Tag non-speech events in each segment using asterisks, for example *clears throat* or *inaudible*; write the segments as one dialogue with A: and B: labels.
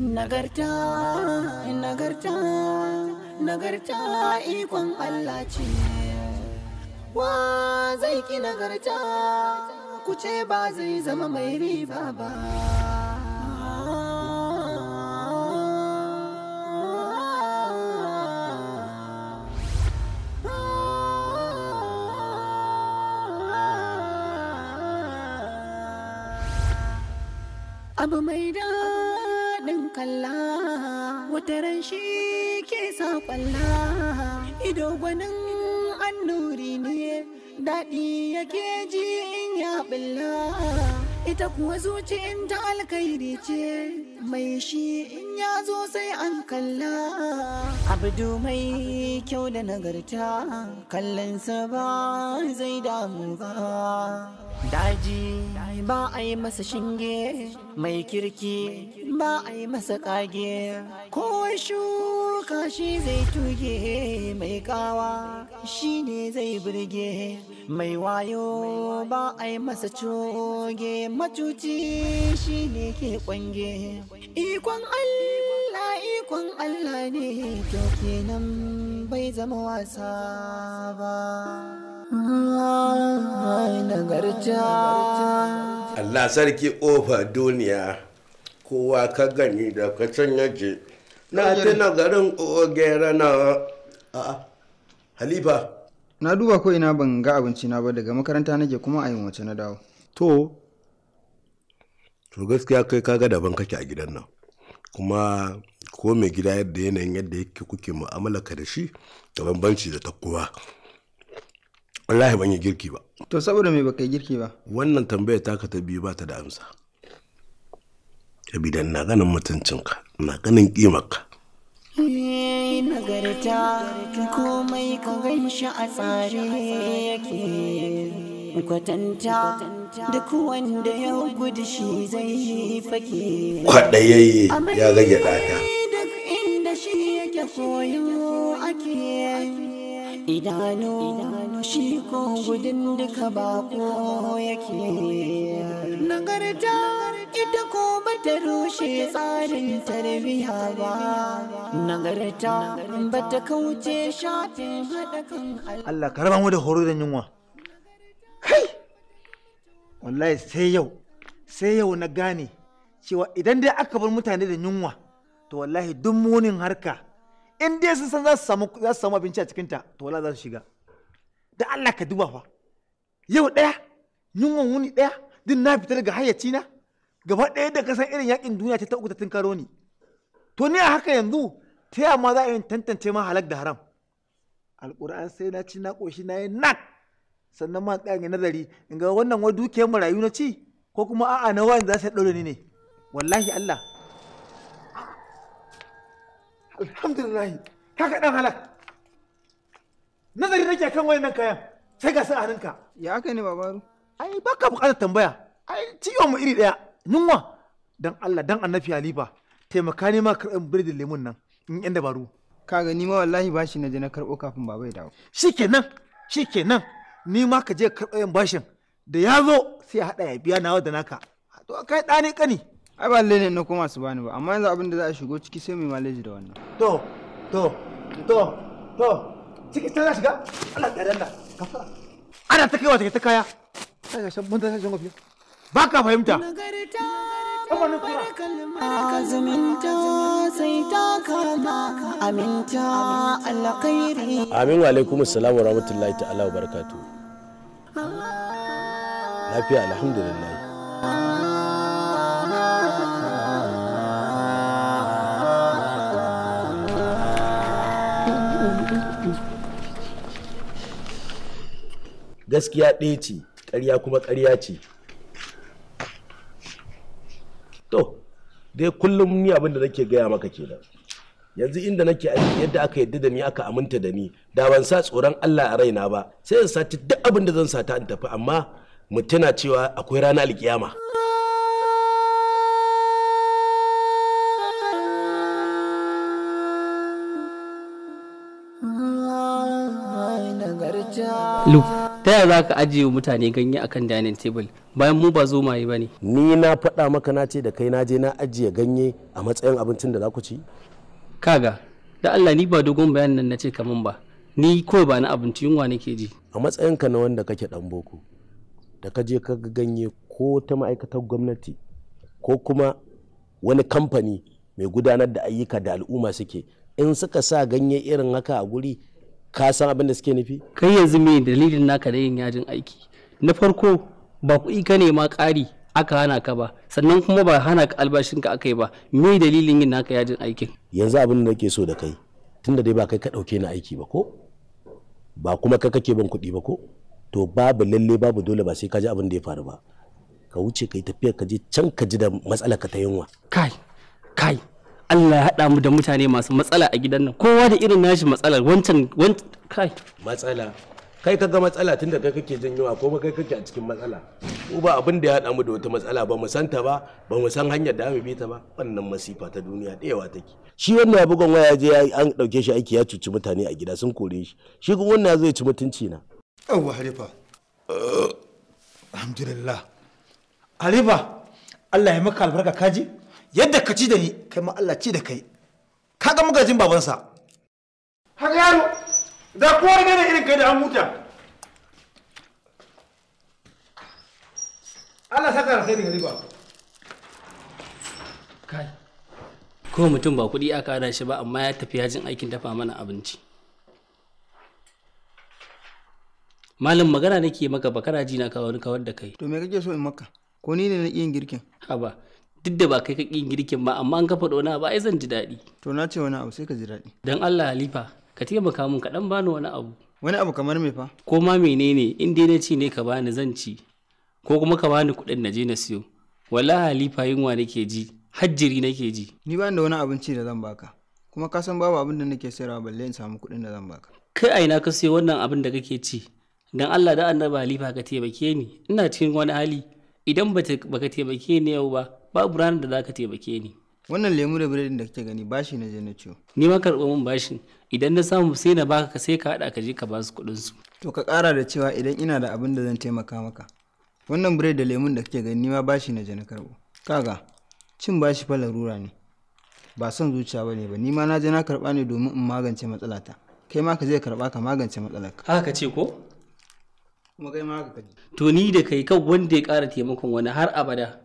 A: Nagarta, nagarta, nagarta ikon Allah ce. Wa zai ki nagarta, ku ce ba zai zama mai riba ba. Abu mai da kalla wataren shi ke sa kwalla ido gwanin annuri ne daɗi yake ji in ya ɓilla ita kuwa in ta alkairi ce mai shi in ya zo sai an kalla abdu mai kyau da nagarta kallonsa ba zai damu ba daji ba a yi masa shinge mai kirki ba a yi masa kage ko shuka shi zai tuge mai kawa shi ne zai birge mai wayo ba a yi masa coge matuci shi ne ke kwange ikon allah ikon allah ne to kenan bai zama wasa ba
B: Allah sarki ofa duniya kowa ka gani da ka can yaje na tuna garin ogera na a halifa
C: na duba ko ina ban ga abinci na ba daga makaranta nake kuma a yin wace na dawo to
B: to gaskiya kai kaga daban kake a gidan nan kuma ko mai gida yadda yanayin yadda yake kuke mu'amala ka da shi da bambanci da ta kowa wallahi ban yi girki ba
C: to saboda me baka yi girki ba
B: wannan tambaya taka ta biyu ba ta da amsa sabida ina ganin mutuncinka ina ganin ƙimarka
A: nagarta komai ka gan shi a tsare yake kwatanta duk wanda ya gudu shi zai fake kwaɗayayye ya rage ɗaya duk inda shi yake koyo ake idanu shi ko gudun duka bako yake nagarta ita ko bata rushe tsarin tarbiyya ba nagarta bata kauce shafin haɗa kan
D: Allah ka raba mu da horo da yunwa kai wallahi sai yau sai yau na gane cewa idan dai aka bar mutane da yunwa to wallahi duk munin harka in dai sun san za su samu abinci a cikinta to wallahi za su shiga da Allah ka duba fa yau ɗaya yunwa wuni ɗaya din na fita daga hayyacina na gaba ɗaya da kasan irin yakin duniya ce ta uku ta tunkaro ni to ni a haka yanzu ta yamma za a yi tantance ma halak da haram alƙur'an sai na ci na ƙoshi na yi nak sannan ma tsaya nazari in ga wannan wa dukiyar marayu na ci ko kuma a'a na wani za su ɗaure ni ne wallahi Allah alhamdulillah kaka ɗan halak nazari nake kan wayannan kayan sai ga su a hannunka ya aka ne babaru ai baka buƙatar tambaya ai ciwon mu iri ɗaya nunwa dan Allah dan annabi ba taimaka ne ma karɓar biredin lemun nan in yan dabaru kaga ni ma wallahi bashi na je na karɓo kafin baba ya dawo shi kenan ni ma ka je karɓo yan bashin
C: da ya zo sai haɗa ya biya nawa da naka to kai ɗa ne kani ai ba lalle na koma su bani ba amma yanzu abin da za a shigo ciki sai mai maleji da wannan to to to to ciki ta za shiga Allah ta ka kafara ana ta kaiwa ta kaya
A: sai
D: ga shan mun ta shan gobe ba ka fahimta
B: amin wa alaikum salam wa rahmatullahi ta'ala wa barakatu lafiya alhamdulillah gaskiya ɗaya ce ƙarya kuma ƙarya ce dai kullum ni abin da nake gaya maka kenan yanzu inda nake aiki yadda aka yadda da ni aka aminta da ni da ban sa tsoron Allah a raina ba sai in sati duk abin da zan sata in tafi amma mu cewa akwai rana alkiyama
A: Lu
E: ta yaya za ka ajiye wa mutane ganye a kan dining table bayan mu ba zo maye ba ne ni na faɗa maka na ce da kai na je na ajiye ganye a matsayin abincin da za ku ci kaga da allah ni ba dogon bayanin nan na ce kaman ba ni kawai ba na abinci yunwa nake ji a matsayin ka na wanda kake dan boko
B: da ka je ka ganye ko ta ma'aikatar gwamnati ko kuma wani kamfani mai gudanar da ayyuka da al'umma suke
E: in suka sa ganye irin haka a guri ka san abin da suke nufi kai yanzu me dalilin naka da yin yajin aiki na farko ba kuɗi ka ma ƙari aka hana ka ba sannan kuma ba hana ka albashinka aka yi ba me dalilin yin naka yajin aiki.
B: yanzu abin da nake so da kai tunda dai ba kai ka dauke ni aiki ba ko ba kuma ka kake ban kuɗi ba ko to babu lalle babu dole ba sai ka ji abin da ya faru ba ka wuce ka yi tafiyar ka je can ka ji da matsalar ka ta yunwa
E: kai kai Allah ya haɗa mu da mutane masu matsala a gidan nan kowa da irin nashi matsalar wancan kai
B: matsala kai kaga matsala tunda kai kake janyowa ko kai kake a cikin matsala ko ba abin da ya haɗa mu da wata matsala ba mu san ta ba ba mu san hanyar da mu bi ta ba wannan masifa ta duniya ɗayawa take shi wannan ya bugon waya je an ɗauke shi aiki ya cuci mutane a gida sun kore shi shi kuma wannan zai ci mutunci na
D: yawwa harifa. alhamdulillah Harifa! Allah ya maka albarka kaji yadda ka ci da ni kai ma Allah ci da kai kaga magajin babansa har yaro da kowa ne da irin kai da an muta Allah saka da sai da riba
E: kai ko mutum ba kuɗi aka hada shi ba amma ya tafi yajin aikin dafa mana abinci malam magana nake maka bakara ji na kawar kawar da kai to
C: me kake so in maka ko ni ne na iya girkin haba duk da ba kai ka kin
E: girkin ba amma an ka faɗo na ba ai zan ji daɗi to na ce wani abu sai ka ji daɗi dan Allah halifa ka taimaka mun ka dan bani wani abu wani abu kamar me fa ko ma menene in dai na ci ne ka bani zan ci ko kuma ka bani kuɗin na je na siyo Wala, halifa yunwa nake ji hajjiri nake ji
C: ni ba da wani abinci da zan baka kuma ka san babu abin da nake sayarwa balle in samu kuɗin da zan baka
E: kai aina ka siyo wannan abin da kake ci dan Allah da annabi halifa ka taimake ni ina cikin wani hali idan baka taimake ni yau ba babu ranar da zaka taimake
C: ni wannan lemu da biredin da kake gani bashi na je na ciwo ni ma karɓo min bashin idan na samu
E: sai na baka sai ka haɗa ka je ka basu kuɗin su
C: to ka ƙara da cewa idan ina da abin da zan taimaka maka wannan biredin da lemun da kake gani ni ma bashi na je na karɓo kaga cin bashi fa larura ne ba son zuciya bane ba ni ma na je na karɓa ne domin in magance matsalata kai ma ka je karɓa ka magance matsalarka haka ka ce ko kuma kai ma haka ka to
E: ni da kai kan wanda ya ƙara taimakon wani har abada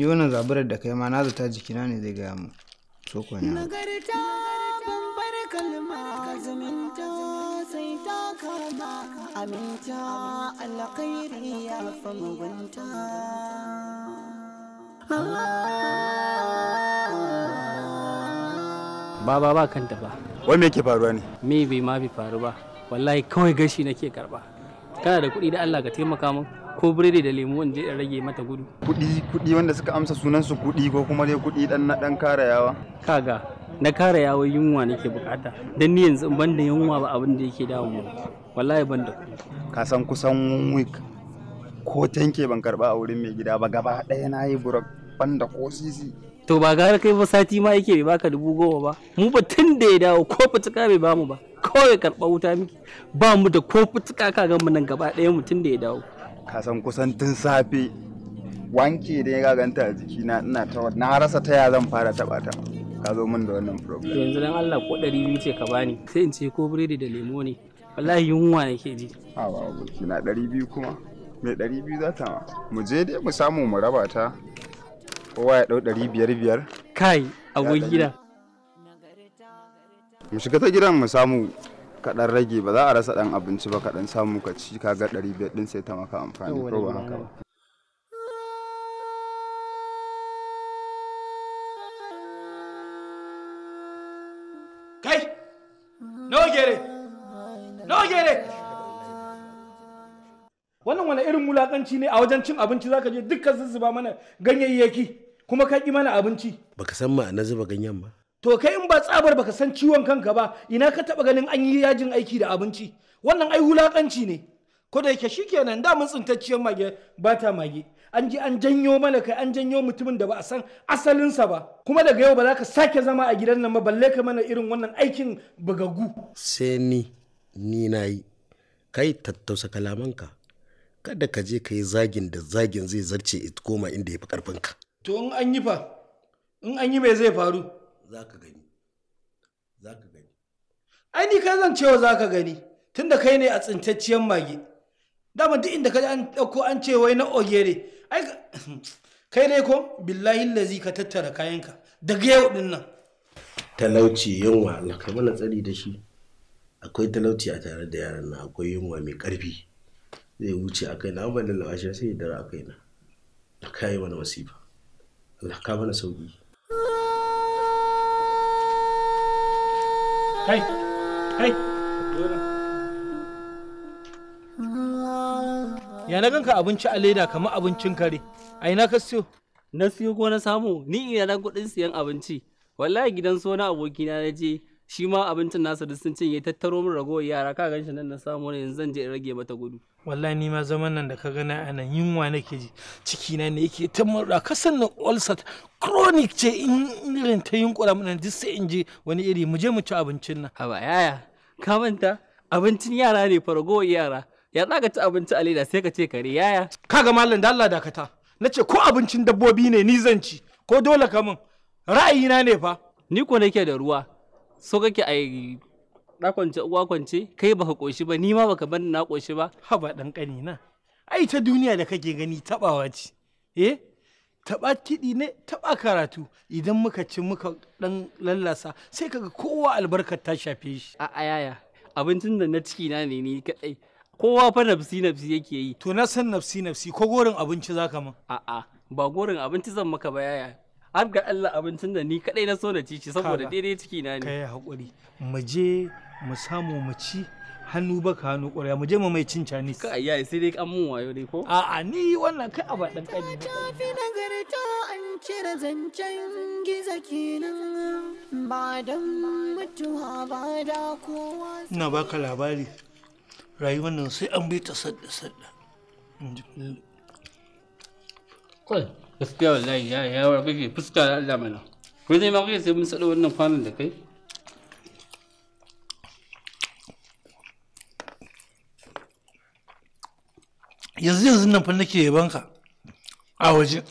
C: Ni wannan zaburar da kai ma na zata jikina ne zai gaya mu. So ko ne.
A: Nagarta bambar kalma sai ta kama aminta alkhairi ya fa mugunta.
E: Ba ba ba kanta ba.
C: Wai me yake faruwa ne?
E: Me bai ma bai faru ba. Wallahi kawai gashi nake karba. Kana da kuɗi da Allah ka taimaka min. ko biredi da lemu in je in rage mata gudu
C: kuɗi kuɗi wanda suka amsa sunan su kuɗi ko kuma dai kuɗi dan na dan karayawa kaga na karayawa yunwa nake bukata dan ni yanzu ban da yunwa ba abin da yake dawo mu wallahi ban da ka san kusan week ko tanke ban karba a wurin mai gida ba gaba ɗaya na yi burok ban da ko sisi
E: to ba gara kai ba sati ma yake bai baka dubu goma ba mu ba tun da ya dawo ko fituka bai bamu ba kawai karɓa wuta miki ba mu da ko fituka ka mu nan gaba ɗaya mu tun da
C: ya dawo kasan kusan tun safe wanke da ya ganta a jikina ina ta na rasa ta ya zan fara taba ta ka zo min da wannan problem yanzu
E: dan Allah ko biyu ce ka bani sai in ce ko biredi da lemo ne wallahi yunwa nake ji
C: a ba kina na biyu kuma mai biyu za ta ma mu je dai mu samu mu raba ta kowa ya dau dari biyar biyar kai aboki gida mu shiga ta gidan mu samu kaɗan rage ba za a rasa ɗan abinci ba kaɗan samu ka ci kaga ɗari biyar ɗin sai ta maka amfani ko ba haka ba.
F: Kai! Nawa gere! gere! Wannan wani irin wulakanci ne a wajen cin abinci za ka je dukkan zuzzuba mana ganyayyaki kuma ka ƙi mana abinci. Baka san ma na zuba ganyen ba? to kai in ba tsabar baka san ciwon kanka ba ina ka taba ganin an yi yajin aiki da abinci wannan ai wulakanci ne ko da yake shikenan da mun tsintacciyar mage ba ta mage an ji an janyo mana kai an janyo mutumin da ba a san asalinsa ba kuma daga yau ba za ka sake zama a gidan nan ba balle ka mana irin wannan aikin bugagu
B: sai ni ni na yi kai tattausa kalamanka kada ka je ka yi zagin da zagin zai zarce it koma inda ya fi karfinka
F: to in an yi fa in an yi mai zai faru za ka gani za ka gani ai ni kai zan cewa za ka gani tunda kai ne a tsintacciyar mage dama duk inda kaji an ɗauko an ce wai na ogere ai *clears throat* kai ne ko billahi lazi ka tattara kayanka daga yau din nan
B: talauci yunwa Allah kai mana tsari da shi akwai talauci a tare da yaran nan akwai yunwa mai karfi zai wuce a kai na amma da lawashi sai ya dara a kai na kai wani masifa Allah ka mana sauki
A: Hey! Hey!
E: Ya na ganka abinci a leda kamar abincin kare. A ina ka siyo? Na siyo ko na samu, ni ina na kuɗin siyan abinci. Wallahi gidan so abokina na je shi ma abincin nasa duk sun cinye tattaro min ragowar yara ka gan shi nan na samu ne yanzu zan je in rage mata gudu
F: wallahi ni ma zaman nan da ka gana a nan yunwa nake ji ciki na ne yake ta murda ka san Olsat, ulcer
E: chronic ce in irin ta yunkura mun duk sai in je wani iri mu je mu ci abincin nan haba yaya ka manta abincin yara ne fa yara ya za ci abinci a leda sai ka ce kare yaya kaga mallam da Allah dakata Nace ko abincin dabbobi ne ni zan ci ko dole ka min ra'ayina ne fa ni ko nake da ruwa so kake a na kwance uwa kwance kai baka ƙoshi ba nima baka bar na koshi ba haba dan kani na ai ta duniya da kake gani tabawa ce eh taba kiɗi ne taba karatu idan muka ci muka ɗan lallasa sai kaga kowa albarkar ta shafe shi a ayaya abincin da na ciki na ne ni kadai kowa fa nafsi nafsi yake yi to na san nafsi nafsi ko gorin abinci zaka min a'a ba gorin abinci zan maka ba yaya an ga Allah abincin da ni kadai na so na ci shi saboda daidai ciki na ne kai
F: hakuri mu je mu samu mu ci hannu baka hannu ƙwarya mu je mu mai cin cani ka
E: ayya sai dai kan mun wayo dai ko a a ni wannan kai a baɗan kani
A: ta fi nagarta an cire zancen giza kenan ba dan mutuwa ba da kowa
F: ina baka labari rayuwar nan sai an bi ta sadda sadda
E: kai gaskiya wallahi ya ya wa kake fuska da Allah mana ko zai ma kake sai mun sada wannan kwanan da kai
F: yanzu yanzu nan fa nake yaban ka a waje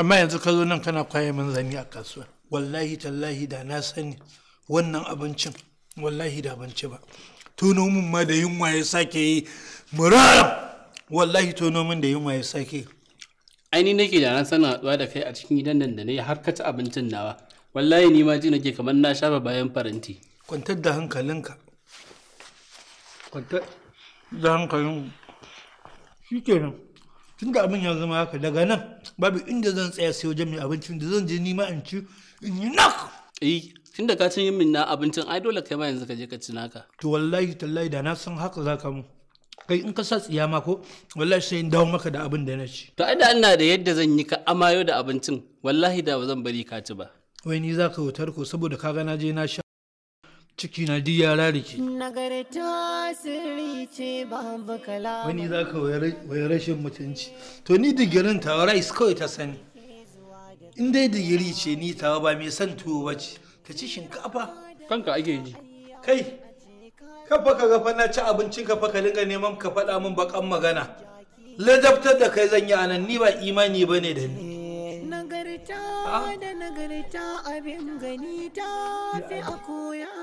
F: amma yanzu ka zo nan kana kwaye min zani a kasuwa wallahi tallahi da na sani wannan abincin wallahi da abinci ba tono min ma da yunwa ya sake yi muraran
E: wallahi tono min da yunwa ya sake yi aini nake da ran sana tsawa da kai a cikin gidan nan da ne har ka ci abincin nawa wallahi ni ma ji nake kamar na shafa bayan faranti kwantar da
F: hankalinka kwantar da hankalin shi kenan tun da abin ya zama haka daga nan babu inda zan tsaya sai wajen mai abincin da
E: zan je ma in ci in yi nak eh tun da ka yin min na abincin ai dole kai ma yanzu ka je ka ci naka
F: to wallahi tallahi da na san haka za ka mu kai in ka sa tsiya ma ko wallahi sai in dawo maka da abin da na ci
E: to ai da ina da yadda zan yi ka amayo da abincin wallahi da ba zan bari ka ci ba
F: wai ni za ka wutar ko saboda ga na je na sha ciki na di yara da ke
A: nagarta sirri ce wani
F: za ka wayar rashin mutunci to ni digirin tawa rice kawai ta sani in dai digiri ce ni tawa ba mai san tuwo ba ce ta ci shinkafa kanka ake yi kai kafa ka gafa na ci abincin ka ka dinga neman ka faɗa min bakan magana ladabtar da kai zan yi anan ni ba imani ba ne da ni eh,
A: nagarta ah. da nagarta abin gani ta fi a koya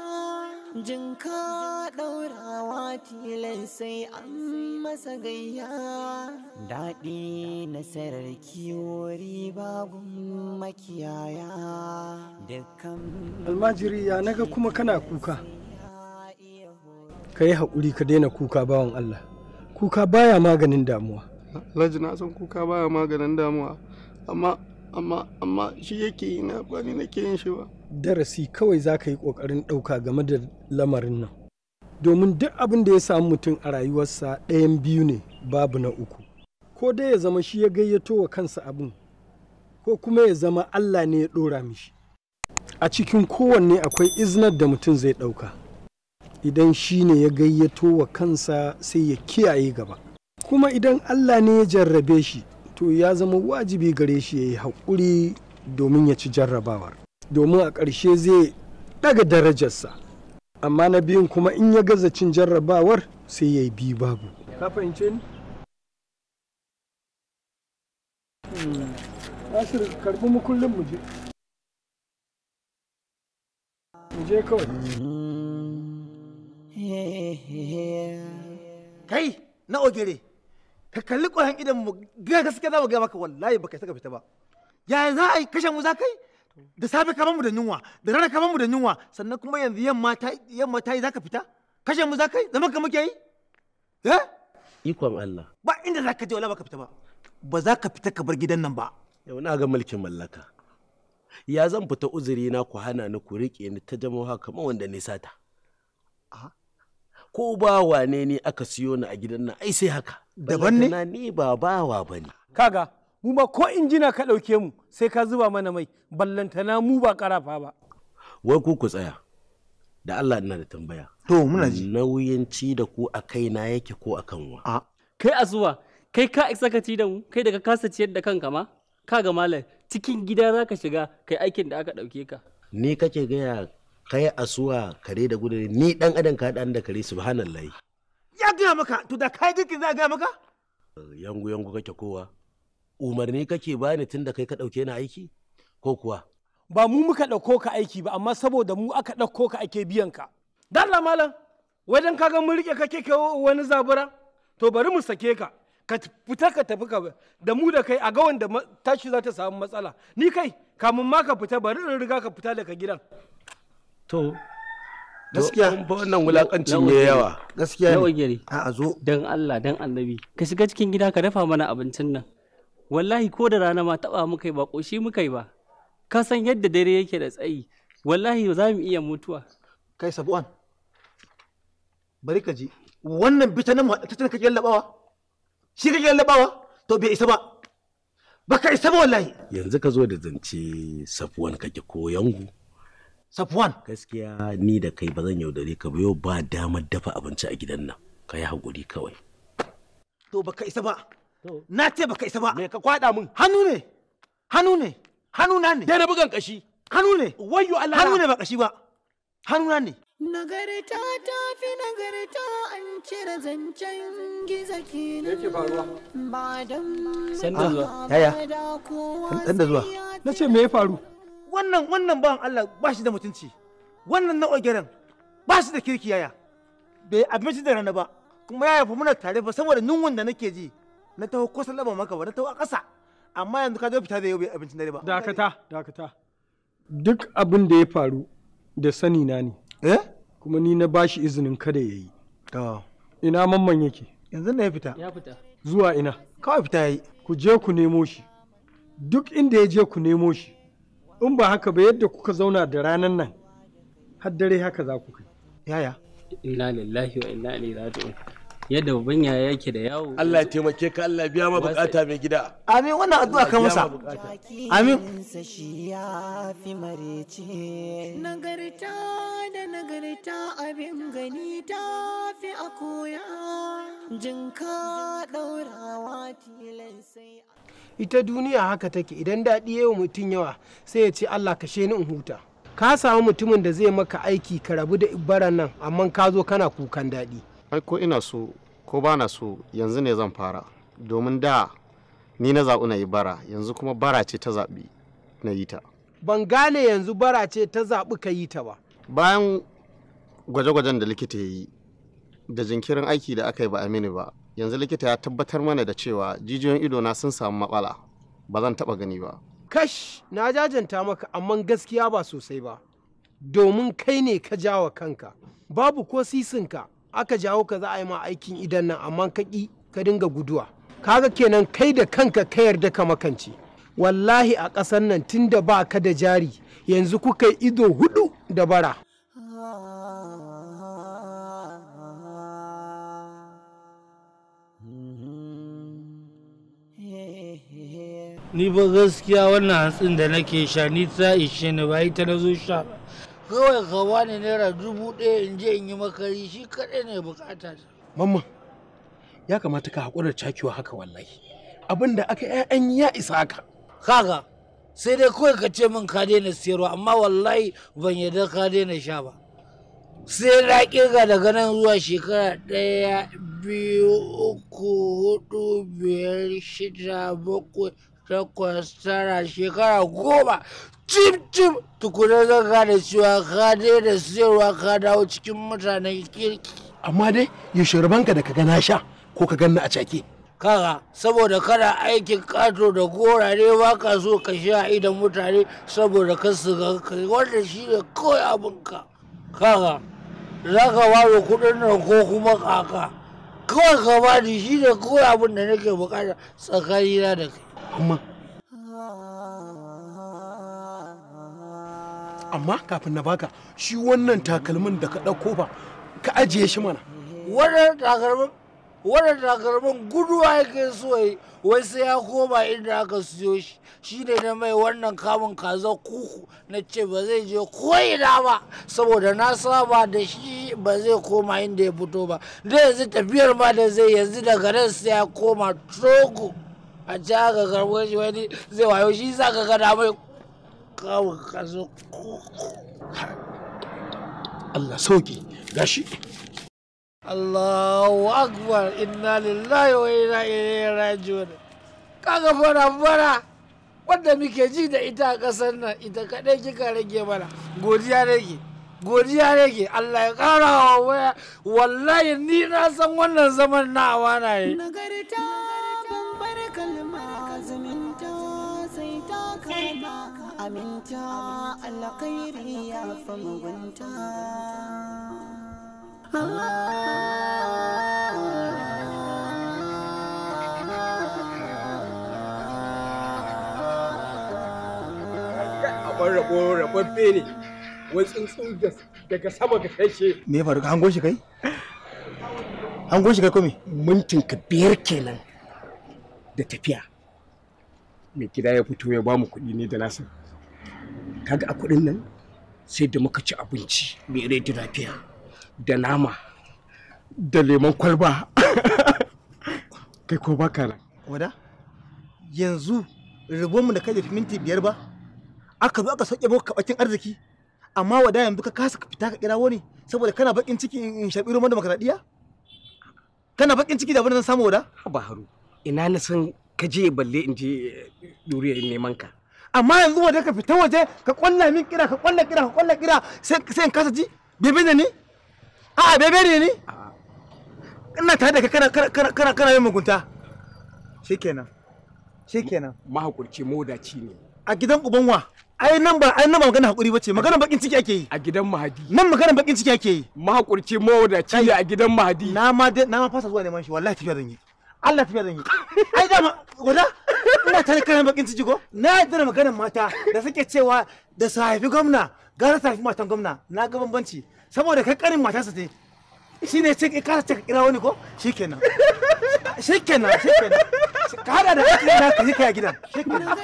A: jinka ɗaurawa tilan sai an masa gayya daɗi nasarar kiwo riba makiyaya dukkan almajiri ya naga kuma kana
G: kuka ka yi haƙuri ka daina kuka bawan Allah kuka baya maganin damuwa
C: Alhaji na san kuka baya maganin damuwa amma amma amma shi yake yi na
G: bani na nake yin shi ba darasi kawai za ka yi ƙoƙarin ɗauka game da lamarin nan domin duk abin da ya samu mutum a rayuwarsa ɗayan biyu ne babu na uku ko dai ya zama shi ya gayyato wa kansa abin ko kuma ya zama Allah ne ya ɗora mishi a cikin kowanne akwai iznar da mutum zai ɗauka idan shi ne ya gayyato wa kansa sai ya kiyaye gaba kuma idan allah ne ya jarrabe shi to ya zama wajibi gare shi ya yi haƙuri domin ya ci jarrabawar domin a ƙarshe zai ɗaga darajarsa amma na biyun kuma in ya gaza cin jarrabawar sai ya yi bi babu
D: kai na ogere ka kalli ƙwayan idan mu ga gaske za mu ga maka wallahi baka saka fita ba ya za a yi kashe mu za kai da safe ka mu da yunwa da rana ka mu da yunwa sannan kuma yanzu yamma ta yamma ta yi za ka fita kashe mu za kai zaman ka muke yi eh ikon Allah ba
B: inda za ka je wallahi baka fita ba ba za ka fita ka bar gidan nan ba yau na ga mulkin mallaka ya zan fita uzuri na ku hana ni ku riƙe ni ta jama'a kamar wanda ne sata ko ba wane ne aka siyo ni a gidan nan ai sai haka daban
F: ne ni ba bawa bane kaga mu ba ko injina ka dauke mu sai ka zuba mana mai ballantana mu ba karafa ba
B: wai ku ku tsaya da Allah ina da tambaya to muna ji nauyin ci da ku a kaina yake ko a kanwa a
E: kai kai ka isa ka ci da mu kai daga kasa ciyar da kanka ma kaga malam cikin gida zaka shiga kai aikin da aka dauke ka
B: ni kake gaya kai asuwa kare da gudu ni dan adam ka haɗa da kare subhanallah
E: ya gaya maka to da kai jikin za a gaya maka
B: yangu yangu kake kowa umarni kake bani tun da kai ka ɗauke ni aiki ko kuwa
F: ba mu muka ɗauko ka aiki ba amma saboda mu aka ɗauko ka ake biyan ka dalla malam ka ga mun rike kake ka wani zabura to bari mu sake ka ka fita ka tafi ka da mu da kai a ga wanda tashi za ta samu matsala ni kai kamun ma ka fita bari in riga ka fita daga gidan
E: to gaskiya wannan wulakancin ne yawa gaskiya ne a zo dan Allah dan annabi ka shiga cikin gida ka dafa mana abincin nan wallahi ko da rana ma taba muka yi ba koshi muka yi ba ka san yadda dare yake da tsayi wallahi za mu iya mutuwa kai sabuwan bari ka ji wannan bita na ta tana kake labawa shi
D: kake labawa to bai isa ba baka isa ba wallahi
B: yanzu ka zo da zance sabuwan kake ko yangu
D: Safwan. Gaskiya
B: ni da kai ba zan yaudare ka ba yau ba damar dafa abinci a gidan nan. Ka yi haƙuri kawai.
D: To baka isa ba. Na ce baka isa ba. Me ka kwada min? Hannu ne. Hannu ne. Hannu na ne. Dai na bugan kashi. Hannu ne. Wayyo Allah. Hannu ne ba kashi ba. Hannu na ne.
A: Nagarta ta fi nagarta an cire zancen giza kenan. Yake faruwa. Ba
G: dan. Sanda zuwa. Yaya. Sanda zuwa. Na ce me ya faru?
D: wannan wannan bawan Allah ba shi da mutunci wannan na ogeren ba shi da kirki yaya bai abinci da rana ba kuma ya yafi muna tare ba saboda yunwan da nake ji na taho ko sallama maka ba na taho a ƙasa amma yanzu ka zo fita da yau bai abincin dare ba dakata dakata
G: duk abin da ya faru da sani na ne eh kuma ni na bashi izinin kada yayi to ina mamman yake yanzu na ya fita ya fita zuwa ina kawai fita yayi ku je ku nemo shi duk inda ya je ku nemo shi in ba haka ba yadda kuka zauna da ranan nan har dare haka za ku kai
E: yaya inna lillahi wa inna ilaihi raji'un yadda babban yaya yake da yawo Allah ya taimake ka Allah biya ma bukata mai gida
D: amin wannan
A: addu'a ka masa amin nagarta da nagarta abin gani ta fi a koya jinka daurawa tilan sai
F: ita duniya haka take idan daɗi yawa mutum yawa sai ya ce Allah kashe ni in huta ka samu mutumin da zai maka aiki ka rabu da ibaran nan amma ka zo kana kukan
G: daɗi
B: ai ko ina so ko ba na so yanzu ne zan fara domin da ni na zaɓi na yi bara yanzu kuma bara ce ta zaɓi na yi ta
F: ban gane yanzu bara ce ta zaɓi ka yi ta ba bayan
B: gwaje-gwajen da likita ya yi da jinkirin aiki da aka yi ba a mini ba yanzu likita ya tabbatar mana da cewa jijiyoyin ido na sun samu matsala ba zan taɓa gani ba
C: kash na jajanta
F: maka amma gaskiya ba sosai ba domin kai ne ka jawa kanka babu ko sisinka aka jawo ka za a yi ma aikin idan nan amma ka ƙi ka dinga guduwa kaga kenan kai da kanka ka yarda ka makance wallahi a ƙasar nan tun da ba ka da jari yanzu kuka yi ido hudu da bara ni ba gaskiya wannan hatsin da nake sha ni ta ishe ni ba ita na zo sha kawai ka wani naira dubu ɗaya in je in yi makari shi kaɗai ne bukata ta. Mamma, ya kamata ka haƙura da cakiwa haka wallahi. Abin da aka ‘ya'yan ya isa haka. Kaga, sai dai kawai ka ce min ka daina siyarwa amma wallahi ban yarda ka daina sha ba. Sai na ƙirga daga nan zuwa shekara ɗaya biyu uku hudu biyar shida bakwai takwas tara shekara goma cim cim tukuna zan gane cewa ka da siyarwa ka dawo cikin mutanen kirki amma dai
B: ya shirbanka da ka gana sha ko ka ganna a cake
F: kaga saboda kana aikin kato da gorare ba ka so ka sha idan mutane saboda ka su ga kai wanda shi ne kawai abinka kaga za ka ware kudin nan ko kuma kaka kawai ka bani shi ne kawai abin da nake bukata tsakanina da
B: kai
F: amma kafin na baka shi wannan takalmin da ka ɗauko ba ka ajiye shi mana wannan takalmin wannan takalmin guduwa yake so yi wai sai ya koma inda aka siyo shi shi ne na mai wannan kamun kaza kuku na ce ba zai je ko ina ba saboda na saba da shi ba zai koma inda ya fito ba da yanzu tafiyar ma da zai yanzu daga nan sai ya koma togo a ci aka karɓar shi wani zai wayo shi za ka gada mai kawo ka
G: Allah sauki gashi
F: Allahu akbar inna lillahi wa inna ilaihi raji'un kaga fara fara wanda muke ji da ita a ƙasar nan ita kaɗai kika rage mana godiya rage godiya rage Allah ya ƙara wa wallahi ni na san wannan zaman na awana ne
A: nagarta aminta alkhairi ya fa mugunta
G: Abin rabo rababbe ne, wani tsuntsu daga sama ga kashe.
D: Me ya faru ka hango shi kai? Hango shi kai kome? Mintinka biyar kenan
G: da tafiya. Mai gida ya fito ya ba mu kuɗi ne da nasa. kaga a kuɗin nan sai da muka ci abinci mai redi lafiya da nama da lemon kwalba *laughs* kai ko baka nan
D: wada yanzu rubonmu da kai da minti biyar ba aka zo aka sauke maka kabakin arziki amma wada yanzu ka kasa fita ka kira wani saboda kana bakin ciki in shabi ruwan demokradiya kana bakin ciki da abin da samu wada
B: ba haru
G: ina na san ka je balle in je eh, duriya neman ka
D: amma yanzu waje ka fita waje ka kwalla min kira ka kwalla kira ka kwalla kira sai in kasa ji bebe ne ni a bebe ne ni ina tare da ka kana kana kana yin mugunta shikenan shikenan mahakurci modaci ne a gidan uban wa ai nan ba ai nan ba magana hakuri bace magana bakin ciki ake yi a gidan mahadi nan magana bakin ciki ake yi mahakurci ci ne a gidan mahadi na ma na ma fasa zuwa neman shi wallahi tafiya zan yi Allah tafiya zan yi ai dama wada ina ta karin bakin ciki ko na yi dana maganar mata da suke cewa da su haifi gwamna gara su haifi matan gwamna na ga bambanci saboda kai karin su ce shi ne ce ka cikin kira wani ko kenan shi kenan
A: ka hada da aikin da ka yi kaya a gidan shikenan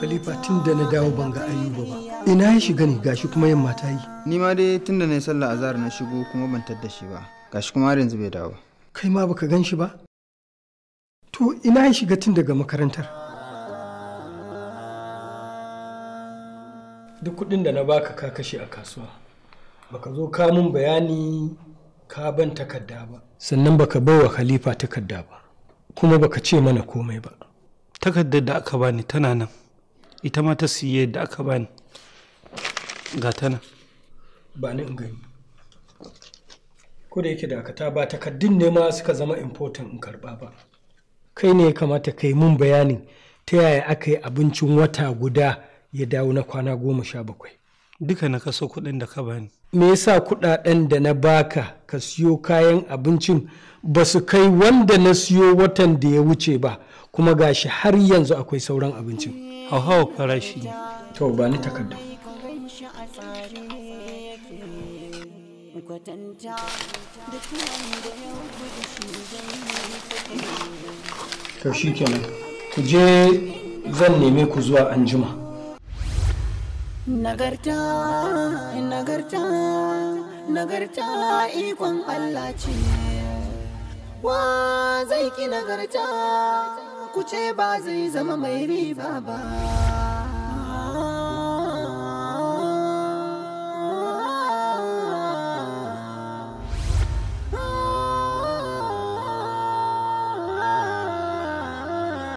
A: Khalifa tun
C: da
G: na dawo ban ga Ayuba ba. Ina ya shiga ne gashi kuma yamma ta yi.
C: Ni ma dai tun da na yi sallah azhar na shigo kuma ban tadda shi ba. gashi kuma yanzu bai dawo kai ma baka gan shi ba to ina ya shiga tun daga makarantar
G: duk kudin da na baka ka kashe a kasuwa baka zo ka mun bayani ka ban takarda ba sannan baka bai wa khalifa takarda ba kuma baka ce mana komai ba takardar da aka bani tana nan ita ma ta siye da aka
F: bani ga tana
G: ba ni in gani ko da yake dakata ba takaddun ne ma suka zama important in karba ba kai ne ya kamata kai mun bayanin ta yaya aka yi abincin wata guda ya dawo na kwana goma sha bakwai
F: duka na kaso kuɗin da ka bani
G: me yasa kuɗaɗen da na baka ka siyo kayan abincin ba su kai wanda na siyo watan da ya wuce ba kuma gashi har yanzu akwai sauran abincin hauhawar farashi ne to ba ni takardu
A: kwatanta da
G: shi kenan ku je zan neme ku zuwa anjima
A: nagarta nagarta nagarta ikon Allah ce wa zai ki nagarta ku ce ba zai zama mai riba ba